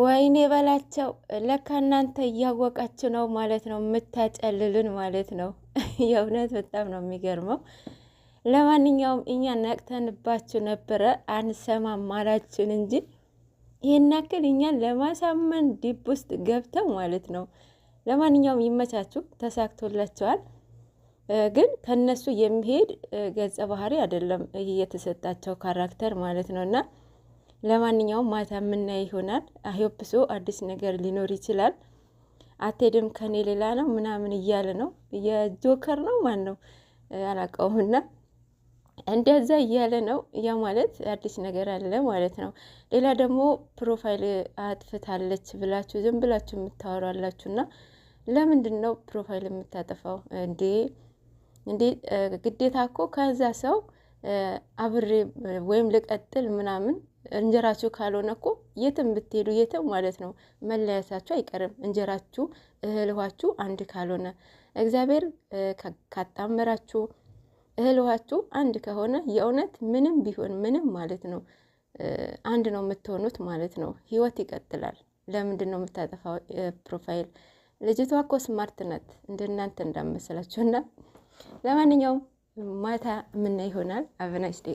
ወይኔ በላቸው። ለካ እናንተ እያወቃችሁ ነው ማለት ነው የምታጨልልን ማለት ነው። የእውነት በጣም ነው የሚገርመው። ለማንኛውም እኛ ነቅተንባችሁ ነበረ አንሰማም ማላችን እንጂ ይህን ያክል እኛን ለማሳመን ዲብ ውስጥ ገብተው ማለት ነው። ለማንኛውም ይመቻችሁ፣ ተሳክቶላቸዋል ግን ከነሱ የሚሄድ ገጸ ባህሪ አይደለም እየተሰጣቸው ካራክተር ማለት ነው እና ለማንኛውም ማታ የምናይ ይሆናል። አዮብሶ አዲስ ነገር ሊኖር ይችላል። አትሄድም ከኔ ሌላ ነው ምናምን እያለ ነው። የጆከር ነው ማን ነው አላውቀውምና እንደዛ እያለ ነው። ያ ማለት አዲስ ነገር አለ ማለት ነው። ሌላ ደግሞ ፕሮፋይል አጥፍታለች ብላችሁ ዝም ብላችሁ የምታወራላችሁና ለምንድን ነው ፕሮፋይል የምታጠፋው? እንዴ እንዴ ግዴታ እኮ ከዛ ሰው አብሬ ወይም ልቀጥል ምናምን እንጀራችሁ ካልሆነ እኮ የትም ብትሄዱ የትም ማለት ነው መለያየታችሁ አይቀርም። እንጀራችሁ እህል ውሃችሁ አንድ ካልሆነ እግዚአብሔር ካጣመራችሁ እህል ውሃችሁ አንድ ከሆነ የእውነት ምንም ቢሆን ምንም ማለት ነው አንድ ነው የምትሆኑት ማለት ነው። ህይወት ይቀጥላል። ለምንድን ነው የምታጠፋው ፕሮፋይል? ልጅቷ እኮ ስማርት ናት እንደናንተ እንዳመሰላችሁና፣ ለማንኛውም ማታ ምና ይሆናል አቨናስቴ